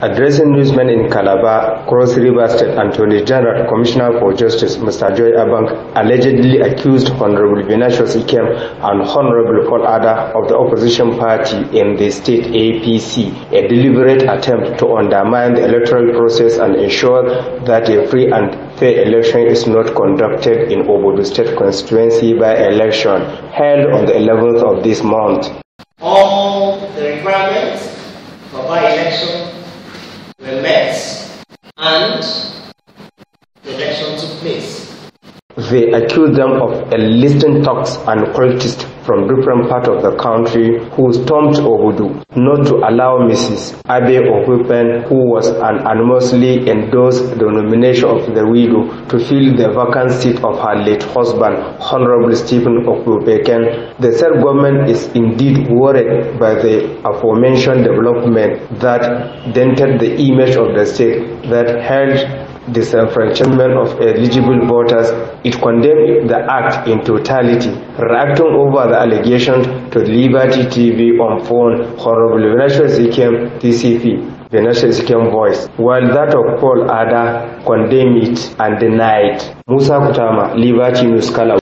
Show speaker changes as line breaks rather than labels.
Addressing newsmen in Calabar, Cross River State Attorney General Commissioner for Justice Mr. Joy Abang allegedly accused Honorable Vinasho Sikem and Honorable Paul Ada of the opposition party in the state APC a deliberate attempt to undermine the electoral process and ensure that a free and fair election is not conducted in Obudu State constituency by election held on the 11th of this month.
All the requirements and direction took place.
They accused them of illicit talks and corruption from different parts of the country who stormed Obudu not to allow Mrs. Abe Okupen, who was an anonymously endorsed the nomination of the widow, to fill the vacant seat of her late husband, Honorable Stephen Okupeken. The said government is indeed worried by the aforementioned development that dented the image of the state that held disenfranchisement of eligible voters, it condemned the act in totality, reacting over the allegations to Liberty TV on phone, horrible Venetian Sikem TCP, Venetian Sikem Voice, while that of Paul Ada condemned it and denied. Musa Kutama, Liberty News Color.